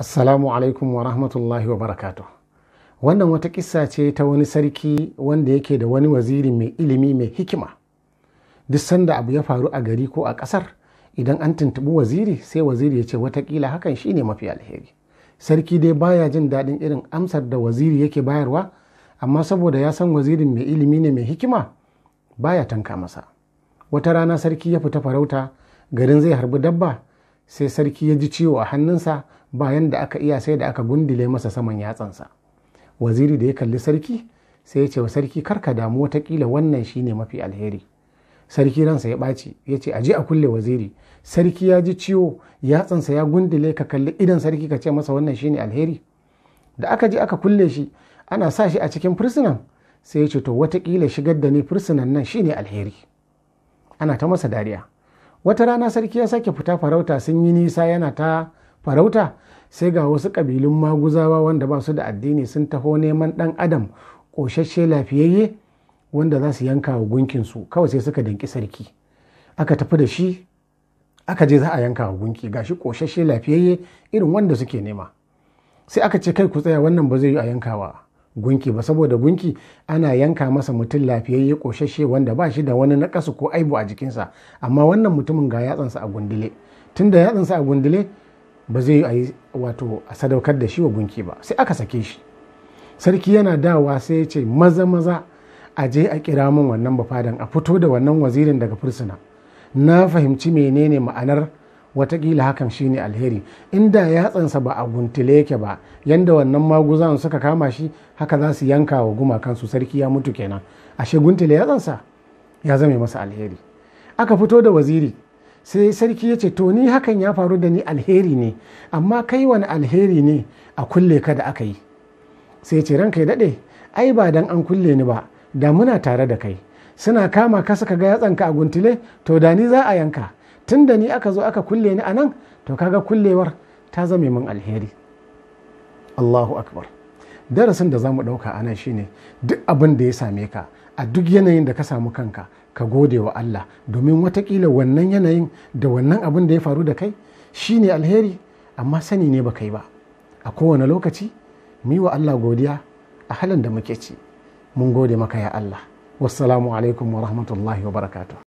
Assalamu alaikum wa rahmatullahi wa barakatu. Wannan wata kissa ce ta wani sarki wanda yake da wani waziri mai ilimi mai hikima. Duk sanda abu ya faru a gari ko a ƙasar, idan an tuntuɓi waziri sai waziri ya ce watakila hakan shi ne mafi alheri. Sarki dai baya jin daɗin irin amsar da waziri yake bayarwa, amma saboda ya san wazirin mai ilimi ne mai hikima, baya tanka masa. Wata rana sarki ya fita farauta, garin zai harbi dabba, sai sarki ya ji ciwo a hannunsa bayan da aka iya sai da aka gundile masa saman yatsansa waziri da ya kalli sarki sai ya ce wa sarki karka damu watakila wannan shine mafi alheri sarki ransa ya ɓaci ya ce aje a kulle waziri sarki ya ji ciwo yatsansa ya gundile ka kalli idan sarki ka ce masa wannan shine alheri da aka ji aka kulle shi ana sa shi a cikin fursunan sai ya ce to watakila shigar da ni fursunan nan shine alheri ana ta masa dariya wata rana sarki ya sake fita farauta sun yi nisa yana ta farauta sai ga wasu ƙabilun maguzawa wanda ba su da addini sun taho neman ɗan adam ƙoshashe lafiyayye wanda za su yanka wa gunkinsu kawai sai suka danki sarki aka tafi da shi aka je za a yanka wa gunki gashi ƙoshashe lafiyayye irin wanda suke nema sai aka ce kai ku tsaya wannan ba zai yi a yankawa gunki ba saboda gunki ana yanka masa mutum lafiyayye koshashe wanda ba shi da wani nakasu ko aibu a jikinsa amma wannan mutumin ga yatsansa a gundule da yatsansa a gundule ba zai yi wato a sadaukar da shi wa gunki ba sai aka sake shi sarki yana dawa sai ya ce maza maza a je a kira min wannan bafadan a fito da wannan wazirin daga fursuna na fahimci menene ma'anar watakila hakan shine alheri inda yatsansa ba a guntule yake ba yanda wannan maguzan suka kama shi haka za su yanka wa su sarki ya mutu kenan ashe guntule yatsansa ya zame masa alheri aka fito da waziri sai sarki ya ce to ni hakan ya faru da ni alheri ne amma kai wani alheri ne a kulle ka da aka yi sai ce ranka ya daɗe ai ba dan an kulle ni ba da muna tare da kai suna kama ka suka ga yatsanka a guntule to da ni za a yanka tun da ni aka zo aka kulle ni a nan to kaga kullewar ta zame min alheri allahu akbar darasin da za mu ɗauka a nan shine duk abin da ya same ka a duk yanayin da ka samu kanka ka gode wa allah domin watakila wannan yanayin da wannan abin da ya faru da kai shi ne alheri amma sani ne ba kai ba a kowane lokaci mu wa allah godiya a halin da muke ci mun gode maka ya allah wassalamu alaikum wa rahmatullahi wa barakatuh